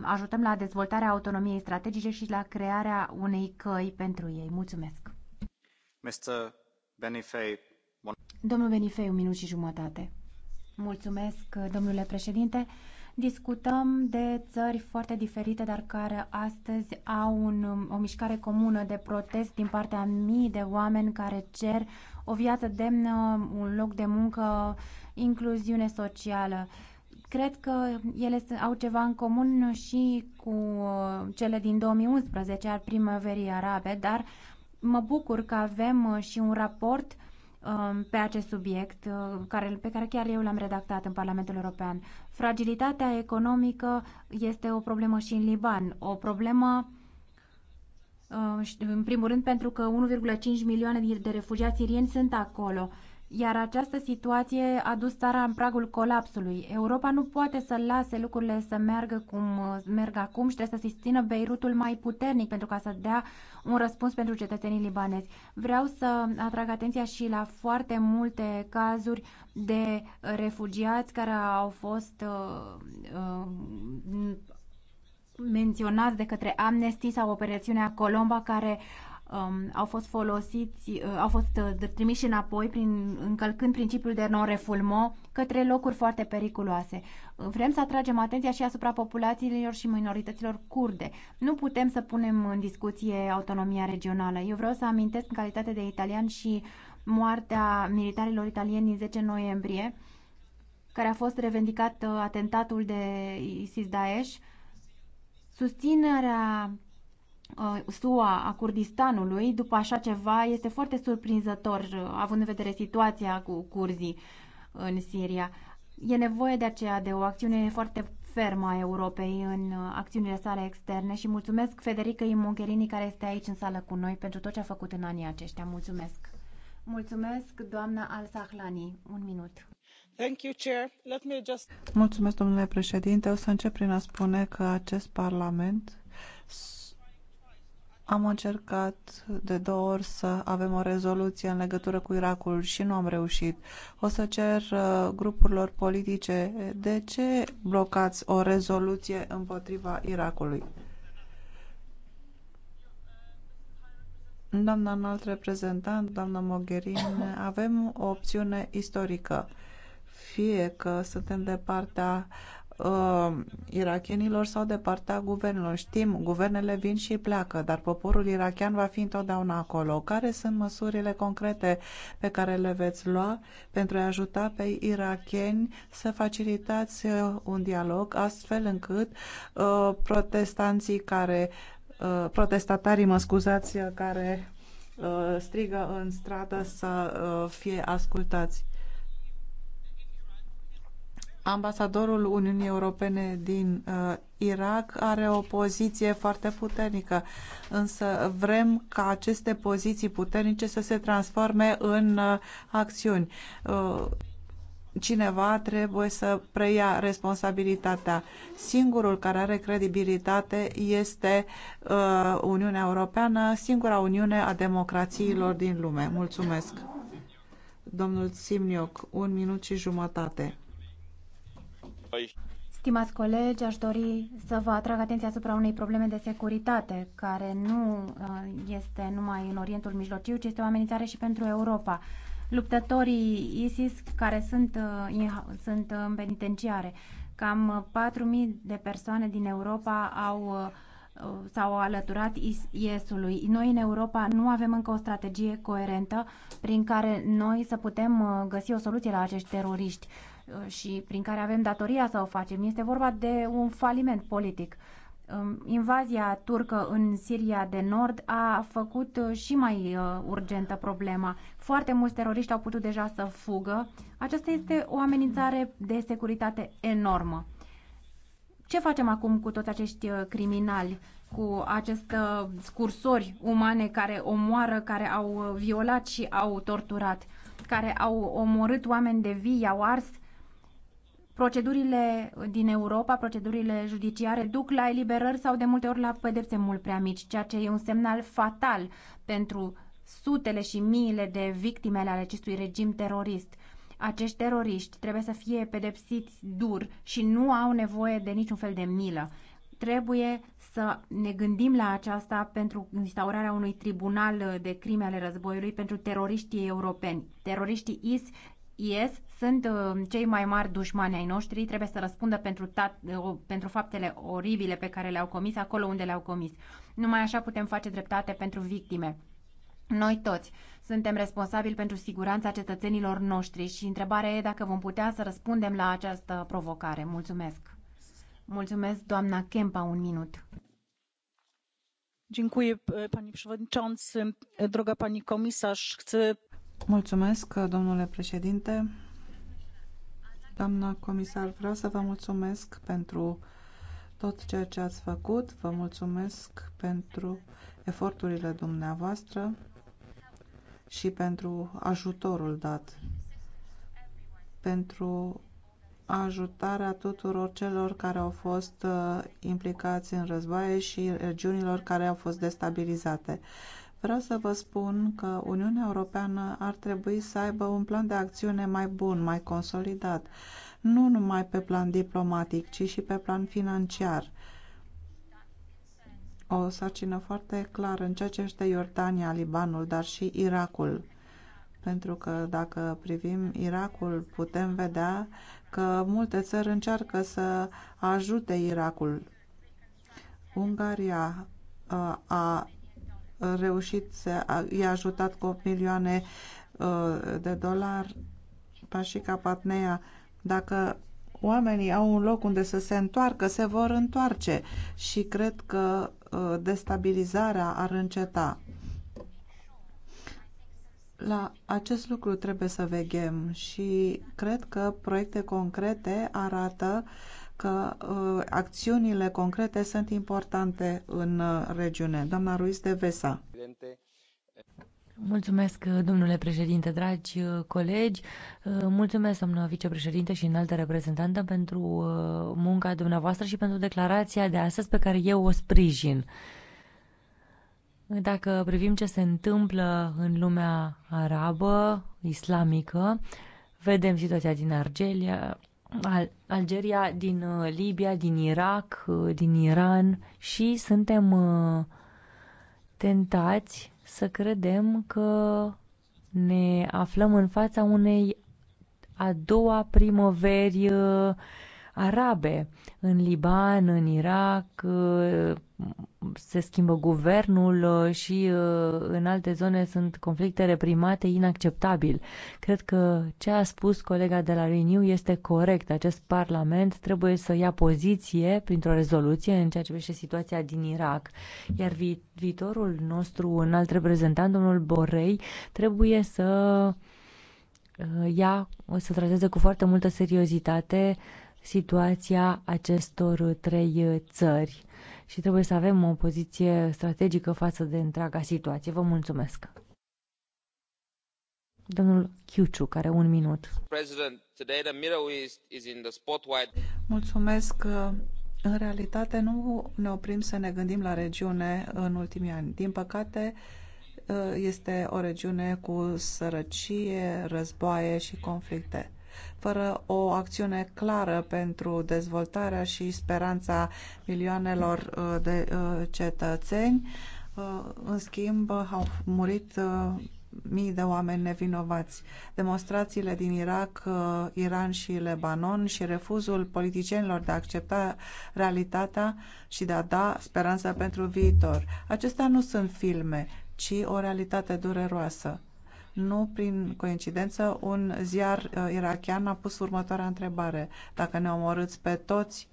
ajutăm la dezvoltarea autonomiei strategice și la crearea unei căi pentru ei. Mulțumesc! Mr. Domnul Benifei, un minut și jumătate. Mulțumesc, domnule președinte. Discutăm de țări foarte diferite, dar care astăzi au un, o mișcare comună de protest din partea mii de oameni care cer o viață demnă, un loc de muncă, incluziune socială. Cred că ele au ceva în comun și cu uh, cele din 2011 al primăverii arabe, dar Mă bucur că avem uh, și un raport um, pe acest subiect uh, care, pe care chiar eu l-am redactat în Parlamentul European. Fragilitatea economică este o problemă și în Liban, o problemă uh, în primul rând pentru că 1,5 milioane de refugiați sirieni sunt acolo iar această situație a dus țara în pragul colapsului. Europa nu poate să lase lucrurile să meargă cum merg acum și trebuie să susțină Beirutul mai puternic pentru ca să dea un răspuns pentru cetățenii libanezi. Vreau să atrag atenția și la foarte multe cazuri de refugiați care au fost uh, uh, menționați de către Amnesty sau operațiunea Colomba care um, au fost folosiți, uh, au fost uh, trimiși înapoi prin, încălcând principiul de non-refulmo către locuri foarte periculoase. Uh, vrem să atragem atenția și asupra populațiilor și minorităților curde. Nu putem să punem în discuție autonomia regională. Eu vreau să amintesc în calitate de italian și moartea militarilor italieni din 10 noiembrie, care a fost revendicat uh, atentatul de ISIS-Daesh, susținerea Uh, SUA a Kurdistanului după așa ceva este foarte surprinzător, uh, având în vedere situația cu curzii în Siria. E nevoie de aceea de o acțiune foarte fermă a Europei în uh, acțiunile sale externe și mulțumesc Federica Imoncherini care este aici în sală cu noi pentru tot ce a făcut în anii aceștia. Mulțumesc! Mulțumesc, doamna Al-Sahlani. Un minut. Mulțumesc, domnule președinte. O să încep prin a spune că acest parlament am încercat de două ori să avem o rezoluție în legătură cu Irakul și nu am reușit. O să cer uh, grupurilor politice de ce blocați o rezoluție împotriva Irakului. Doamna înalt reprezentant, doamna Mogherini, avem o opțiune istorică. Fie că suntem de partea uh, uh, irachienilor sau de partea guvernelor. Știm, guvernele vin și pleacă, dar poporul irachian va fi întotdeauna acolo. Care sunt măsurile concrete pe care le veți lua pentru a ajuta pe iracheni să facilitați uh, un dialog astfel încât uh, protestanții care uh, protestatarii, mă scuzați, care uh, strigă în stradă să fie ascultați ambasadorul Uniunii Europene din uh, Irak are o poziție foarte puternică, însă vrem ca aceste poziții puternice să se transforme în uh, acțiuni. Uh, cineva trebuie să preia responsabilitatea. Singurul care are credibilitate este uh, Uniunea Europeană, singura Uniune a democrațiilor din lume. Mulțumesc! Domnul Simnioc, un minut și jumătate Stimați colegi, aș dori să vă atrag atenția asupra unei probleme de securitate, care nu uh, este numai în Orientul Mijlociu, ci este o amenințare și pentru Europa. Luptătorii ISIS care sunt, uh, sunt în penitenciare. Cam 4.000 uh, de persoane din Europa au s-au alăturat IS-ului. Noi în Europa nu avem încă o strategie coerentă prin care noi să putem găsi o soluție la acești teroriști. Uh, și prin care avem datoria să o facem. Este vorba de un faliment politic. Um, invazia turcă în Siria de Nord a făcut uh, și mai uh, urgentă problema. Foarte mulți teroriști au putut deja să fugă. Aceasta este o amenințare de securitate enormă. Ce facem acum cu toți acești criminali, cu aceste scursori umane care omoară, care au violat și au torturat, care au omorât oameni de vii, au ars procedurile din Europa, procedurile judiciare, duc la eliberări sau de multe ori la pedepse mult prea mici, ceea ce e un semnal fatal pentru sutele și miile de victime ale acestui regim terorist. Acești teroriști trebuie să fie pedepsiți dur și nu au nevoie de niciun fel de milă. Trebuie să ne gândim la aceasta pentru instaurarea unui tribunal de crime ale războiului pentru teroriștii europeni. Teroriștii IS IS sunt uh, cei mai mari dușmani ai noștri, trebuie să răspundă pentru, uh, pentru faptele oribile pe care le-au comis acolo unde le-au comis. Numai așa putem face dreptate pentru victime. Noi toți suntem responsabili pentru siguranța cetățenilor noștri și întrebarea e dacă vom putea să răspundem la această provocare. Mulțumesc! Mulțumesc, doamna Kempa, un minut. Dziękuję, pani przewodniczący. Droga pani komisarz, chcę Mulțumesc, domnule președinte. Doamna comisar, vreau să vă mulțumesc pentru tot ceea ce ați făcut. Vă mulțumesc pentru eforturile dumneavoastră și pentru ajutorul dat, pentru ajutarea tuturor celor care au fost uh, implicați în războaie și regiunilor care au fost destabilizate. Vreau să vă spun că Uniunea Europeană ar trebui să aibă un plan de acțiune mai bun, mai consolidat, nu numai pe plan diplomatic, ci și pe plan financiar. O sarcină foarte clară în ceea ce este Iordania, Libanul, dar și Irakul. Pentru că dacă privim Irakul, putem vedea că multe țări încearcă să ajute Irakul. Ungaria uh, a reușit să i-a ajutat cu 8 milioane uh, de dolari Pașica Patnea. Dacă oamenii au un loc unde să se întoarcă, se vor întoarce și cred că uh, destabilizarea ar înceta. La acest lucru trebuie să veghem și cred că proiecte concrete arată că uh, acțiunile concrete sunt importante în uh, regiune. Doamna Ruiz de Vesa. Mulțumesc, uh, domnule președinte, dragi uh, colegi. Uh, mulțumesc, doamnă vicepreședinte și înaltă reprezentantă, pentru munca dumneavoastră și pentru declarația de astăzi pe care eu o sprijin. Dacă privim ce se întâmplă în lumea arabă, islamică, vedem situația din Argelia, al- Algeria, din uh, Libia, din Irak, uh, din Iran și suntem uh, tentați să credem că ne aflăm în fața unei a doua primăveri uh, arabe. În Liban, în Irak uh, se schimbă guvernul uh, și uh, în alte zone sunt conflicte reprimate inacceptabil. Cred că ce a spus colega de la Renew este corect. Acest parlament trebuie să ia poziție printr-o rezoluție în ceea ce privește situația din Irak. Iar vi- viitorul nostru înalt reprezentant, domnul Borrei, trebuie să ia, o să trateze cu foarte multă seriozitate situația acestor trei țări și trebuie să avem o poziție strategică față de întreaga situație. Vă mulțumesc! Domnul Chiuciu, care un minut. Mulțumesc. În realitate nu ne oprim să ne gândim la regiune în ultimii ani. Din păcate, este o regiune cu sărăcie, războaie și conflicte fără o acțiune clară pentru dezvoltarea și speranța milioanelor uh, de uh, cetățeni, uh, în schimb, au murit mii de oameni nevinovați. Demonstrațiile din Irak, Iran și Lebanon și refuzul politicienilor de a accepta realitatea și de a da speranța pentru viitor. Acestea nu sunt filme, ci o realitate dureroasă. Nu prin coincidență, un ziar uh, irachian a pus următoarea întrebare. Dacă ne omorâți pe toți,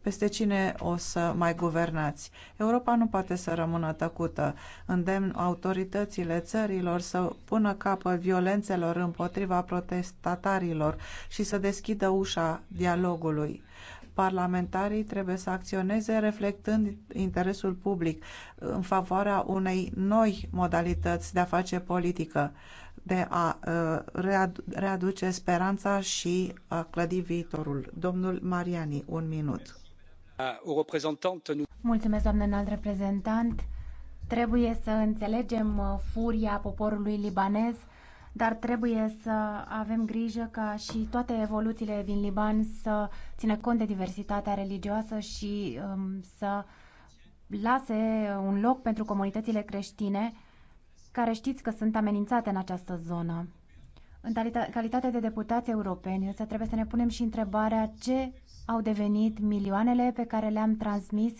peste cine o să mai guvernați. Europa nu poate să rămână tăcută. Îndemn autoritățile țărilor să pună capăt violențelor împotriva protestatarilor și să deschidă ușa dialogului parlamentarii trebuie să acționeze reflectând interesul public în favoarea unei noi modalități de a face politică, de a uh, readuce speranța și a clădi viitorul. Domnul Mariani, un minut. Uh, Mulțumesc, doamnă înalt reprezentant. Trebuie să înțelegem uh, furia poporului libanez dar trebuie să avem grijă ca și toate evoluțiile din Liban să țină cont de diversitatea religioasă și um, să lase un loc pentru comunitățile creștine care știți că sunt amenințate în această zonă. În calitate de deputați europeni, însă trebuie să ne punem și întrebarea ce au devenit milioanele pe care le-am transmis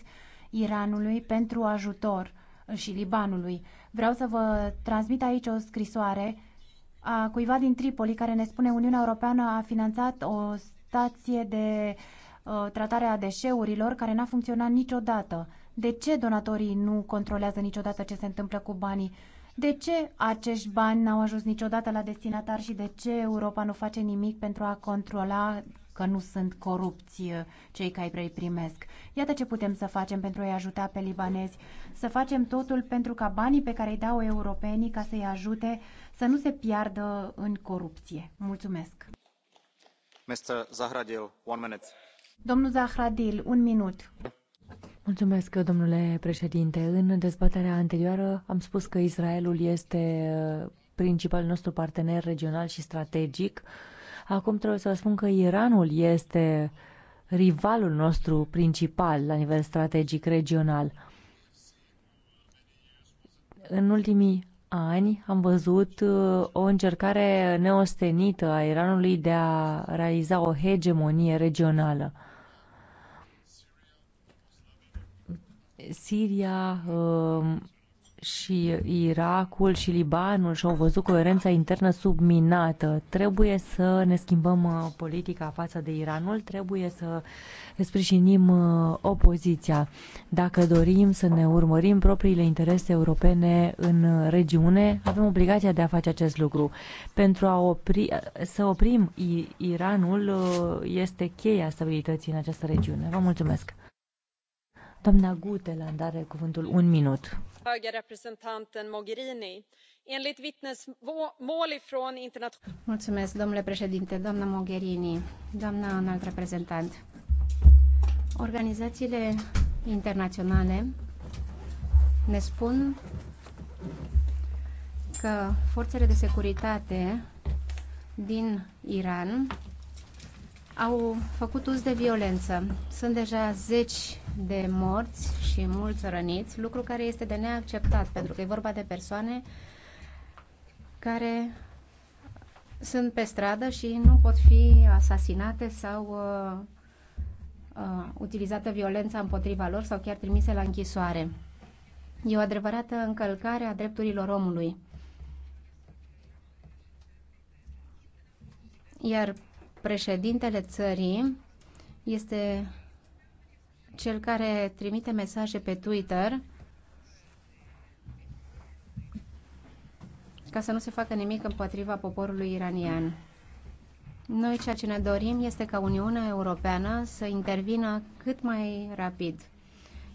Iranului pentru ajutor și Libanului. Vreau să vă transmit aici o scrisoare a cuiva din Tripoli care ne spune Uniunea Europeană a finanțat o stație de uh, tratare a deșeurilor care n-a funcționat niciodată. De ce donatorii nu controlează niciodată ce se întâmplă cu banii? De ce acești bani n-au ajuns niciodată la destinatar și de ce Europa nu face nimic pentru a controla că nu sunt corupți uh, cei care îi primesc. Iată ce putem să facem pentru a-i ajuta pe libanezi, să facem totul pentru ca banii pe care îi dau europenii ca să-i ajute să nu se piardă în corupție. Mulțumesc! Mr. Zahradil, one minute. Domnul Zahradil, un minut. Mulțumesc, domnule președinte. În dezbaterea anterioară am spus că Israelul este uh, principalul nostru partener regional și strategic. Uh, Acum trebuie să vă spun că Iranul este rivalul nostru principal la nivel strategic regional. În ultimii ani am văzut uh, o încercare neostenită a Iranului de a realiza o hegemonie regională. Siria, uh, și Irakul și Libanul și-au văzut coerența internă subminată. Trebuie să ne schimbăm uh, politica față de Iranul, trebuie să sprijinim uh, opoziția. Dacă dorim să ne urmărim propriile interese europene în regiune, avem obligația de a face acest lucru. Pentru a opri, să oprim Iranul uh, este cheia stabilității în această regiune. Vă mulțumesc! Doamna Guteland are cuvântul un minut. Mulțumesc, domnule președinte, doamna Mogherini, doamna înalt reprezentant. Organizațiile internaționale ne spun că forțele de securitate din Iran au făcut uz de violență. Sunt deja zeci de morți și mulți răniți, lucru care este de neacceptat, pentru că e vorba de persoane care sunt pe stradă și nu pot fi asasinate sau uh, uh, utilizată violența împotriva lor sau chiar trimise la închisoare. E o adevărată încălcare a drepturilor omului. Iar președintele țării este cel care trimite mesaje pe Twitter ca să nu se facă nimic împotriva poporului iranian. Noi ceea ce ne dorim este ca Uniunea Europeană să intervină cât mai rapid.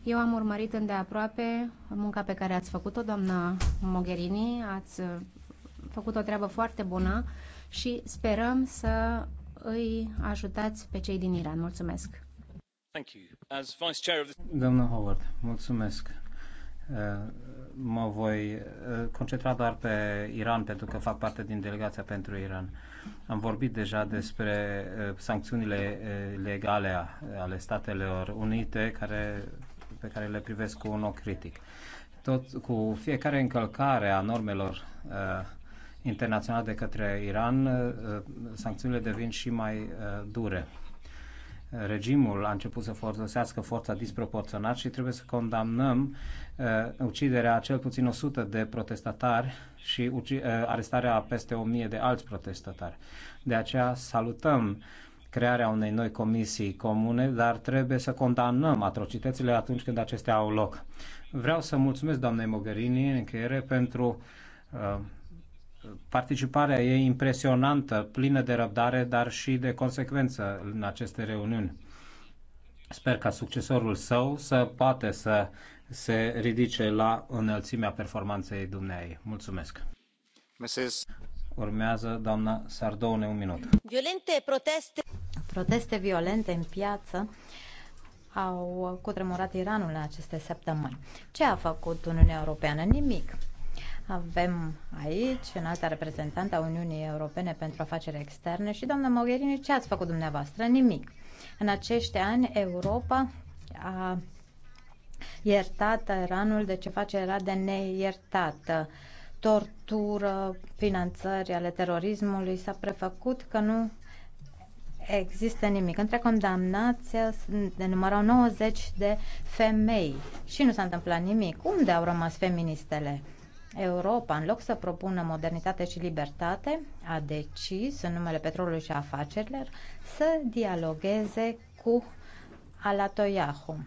Eu am urmărit îndeaproape munca pe care ați făcut-o, doamna Mogherini, ați făcut o treabă foarte bună și sperăm să îi ajutați pe cei din Iran. Mulțumesc! Doamna Howard, mulțumesc! Uh, mă voi uh, concentra doar pe Iran, pentru că fac parte din delegația pentru Iran. Am vorbit deja despre uh, sancțiunile legale ale Statelor Unite, care, pe care le privesc cu un ochi critic. Tot cu fiecare încălcare a normelor uh, internațional de către Iran, uh, uh, sancțiunile devin și mai uh, dure. Regimul a început să folosească forța disproporționat și trebuie să condamnăm uh, uciderea a cel puțin 100 de protestatari și uh, arestarea a peste 1000 de alți protestatari. De aceea salutăm crearea unei noi comisii comune, dar trebuie să condamnăm atrocitățile atunci când acestea au loc. Vreau să mulțumesc doamnei Mogherini în încheiere pentru uh, Participarea e impresionantă, plină de răbdare, dar și de consecvență în aceste reuniuni. Sper ca succesorul său să poate să se ridice la înălțimea performanței dumneai. Mulțumesc! Mrs. Urmează doamna Sardone, un minut. Violente proteste. Proteste violente în piață au cutremurat Iranul în aceste săptămâni. Ce a făcut Uniunea Europeană? Nimic. Avem aici înalta reprezentantă a Uniunii Europene pentru afaceri externe și, doamna Mogherini, ce ați făcut dumneavoastră? Nimic. În acești ani, Europa a iertat Iranul de ce face era de neiertat. Tortură, finanțări ale terorismului s-a prefăcut că nu există nimic. Între condamnați se numărau 90 de femei și nu s-a întâmplat nimic. Unde au rămas feministele? Europa, în loc să propună modernitate și libertate, a decis, în numele petrolului și afacerilor, să dialogueze cu Alatoiahu.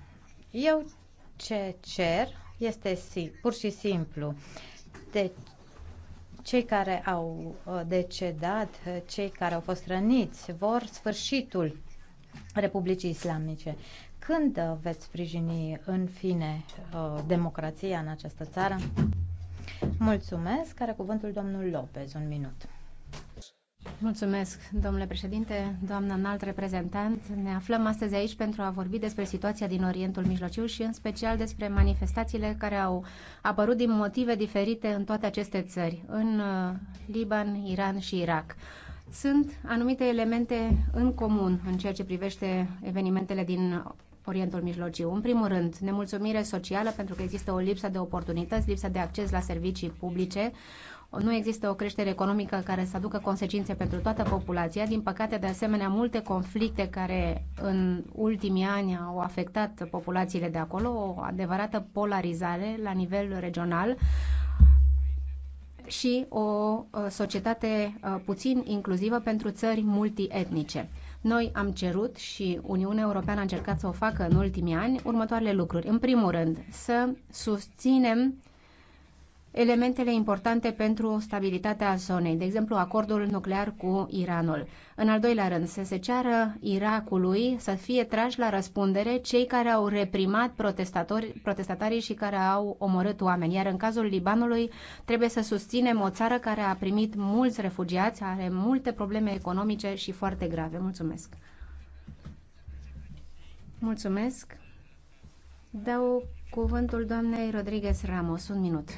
Eu ce cer este pur și simplu de cei care au uh, decedat, uh, cei care au fost răniți, vor sfârșitul Republicii Islamice. Când uh, veți sprijini în fine democrația în această țară? Mulțumesc. Are cuvântul domnul Lopez. Un minut. Mulțumesc, domnule președinte, doamna înalt reprezentant. Ne aflăm astăzi aici pentru a vorbi despre situația din Orientul Mijlociu și în special despre manifestațiile care au apărut din motive diferite în toate aceste țări, în uh, Liban, Iran și Irak. Sunt anumite elemente în comun în ceea ce privește evenimentele din Orientul Mijlociu. În primul rând, nemulțumire socială pentru că există o lipsă de oportunități, lipsă de acces la servicii publice, nu există o creștere economică care să aducă consecințe pentru toată populația. Din păcate, de asemenea, multe conflicte care în ultimii ani au afectat populațiile de acolo, o adevărată polarizare la nivel regional și o uh, societate uh, puțin inclusivă pentru țări multietnice. Noi am cerut și Uniunea Europeană a încercat să o facă în ultimii ani următoarele lucruri. În primul rând, să susținem elementele importante pentru stabilitatea zonei, de exemplu acordul nuclear cu Iranul. În al doilea rând, să se ceară Irakului să fie trași la răspundere cei care au reprimat protestatarii și care au omorât oameni. Iar în cazul Libanului trebuie să susținem o țară care a primit mulți refugiați, are multe probleme economice și foarte grave. Mulțumesc! Mulțumesc! Dau cuvântul doamnei Rodriguez Ramos. Un minut.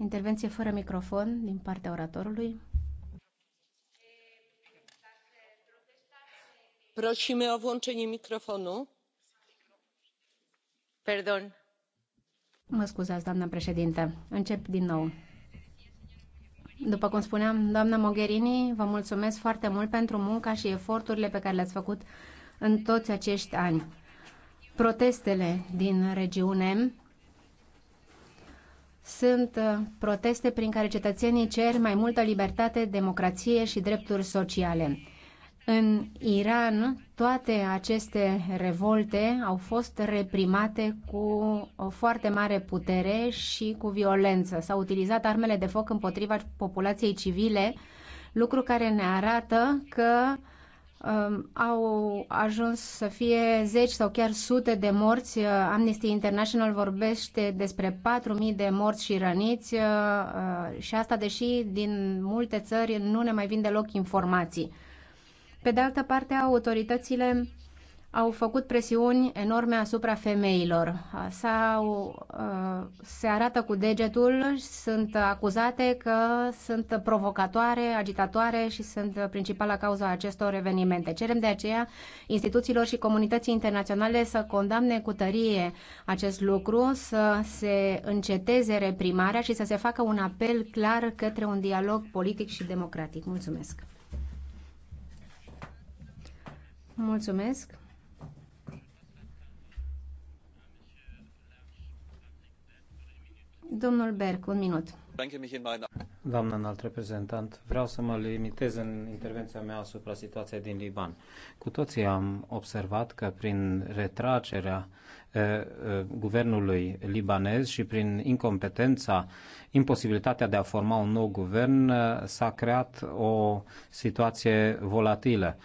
Intervenție fără microfon din partea oratorului. Prosimy o włączenie mikrofonu. Perdon. Mă scuzați, doamna președinte. Încep din nou. După cum spuneam, doamna Mogherini, vă mulțumesc foarte mult pentru munca și eforturile pe care le-ați făcut în toți acești ani. Protestele din regiune sunt uh, proteste prin care cetățenii cer mai multă libertate, democrație și drepturi sociale. În Iran, toate aceste revolte au fost reprimate cu o uh, foarte mare putere și cu violență. S-au utilizat armele de foc împotriva populației civile, lucru care ne arată că uh, Um, au ajuns să fie zeci sau chiar sute de morți. Uh, Amnesty International vorbește despre 4.000 de morți și răniți uh, uh, și asta deși din multe țări nu ne mai vin deloc informații. Pe de altă parte, autoritățile au făcut presiuni enorme asupra femeilor. Sau uh, se arată cu degetul, și sunt acuzate că sunt provocatoare, agitatoare și sunt principala cauza acestor evenimente. Cerem de aceea instituțiilor și comunității internaționale să condamne cu tărie acest lucru, să se înceteze reprimarea și să se facă un apel clar către un dialog politic și democratic. Mulțumesc! Mulțumesc! Domnul Berg, un minut. Doamnă înalt reprezentant, vreau să mă limitez în intervenția mea asupra situației din Liban. Cu toții am observat că prin retragerea eh, eh, guvernului libanez și prin incompetența, imposibilitatea de a forma un nou guvern, eh, s-a creat o situație volatilă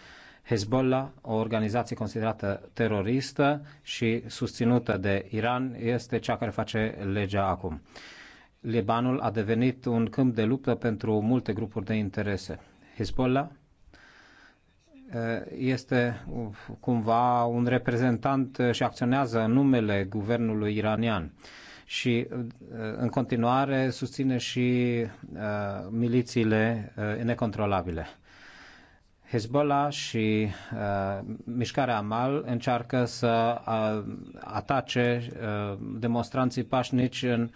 Hezbollah, o organizație considerată teroristă și susținută de Iran, este cea care face legea acum. Libanul a devenit un câmp de luptă pentru multe grupuri de interese. Hezbollah eh, este cumva un reprezentant și acționează în numele guvernului iranian și eh, în continuare susține și eh, milițiile necontrolabile. Hezbollah și uh, mișcarea Amal încearcă să uh, atace uh, demonstranții pașnici în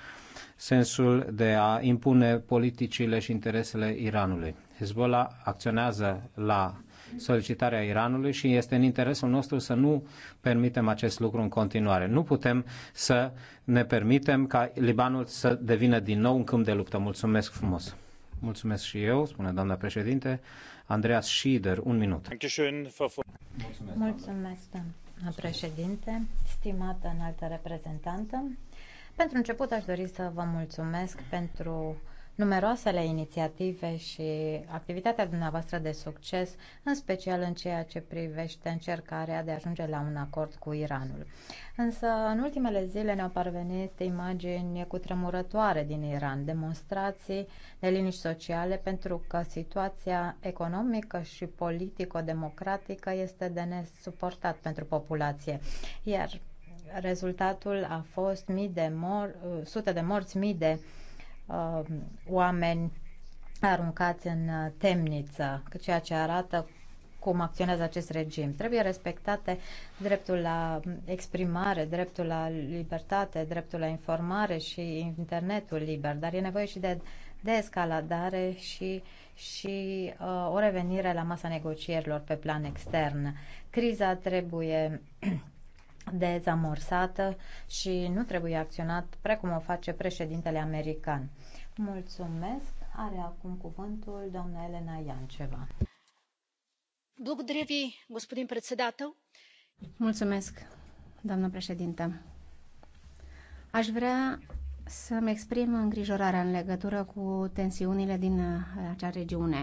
sensul de a impune politicile și interesele Iranului. Hezbollah acționează la solicitarea Iranului și este în interesul nostru să nu permitem acest lucru în continuare. Nu putem să ne permitem ca Libanul să devină din nou un câmp de luptă. Mulțumesc frumos! Mulțumesc și eu, spune doamna președinte. Andreas Schieder, un minut. Mulțumesc, Mulțumesc doamna președinte, stimată înaltă reprezentantă. Pentru început aș dori să vă mulțumesc pentru uh, numeroasele inițiative și activitatea dumneavoastră de succes, în special în ceea ce privește încercarea de a ajunge la un acord cu Iranul. Însă, în ultimele zile ne-au parvenit imagini cutremurătoare din Iran, demonstrații de liniști sociale pentru că situația economică și politico-democratică este de nesuportat pentru populație. Iar rezultatul a fost mii de mor, sute de morți, mii de uh, uh, oameni aruncați în uh, temniță, ceea ce arată cum acționează acest regim. Trebuie respectate dreptul la exprimare, dreptul la libertate, dreptul la informare și internetul liber, dar e nevoie și de deescaladare și, și uh, o revenire la masa negocierilor pe plan extern. Criza trebuie dezamorsată și nu trebuie acționat precum o face președintele american. Mulțumesc. Are acum cuvântul doamna Elena Ianceva. Mulțumesc, doamnă președintă. Aș vrea să-mi exprim îngrijorarea în legătură cu tensiunile din acea regiune.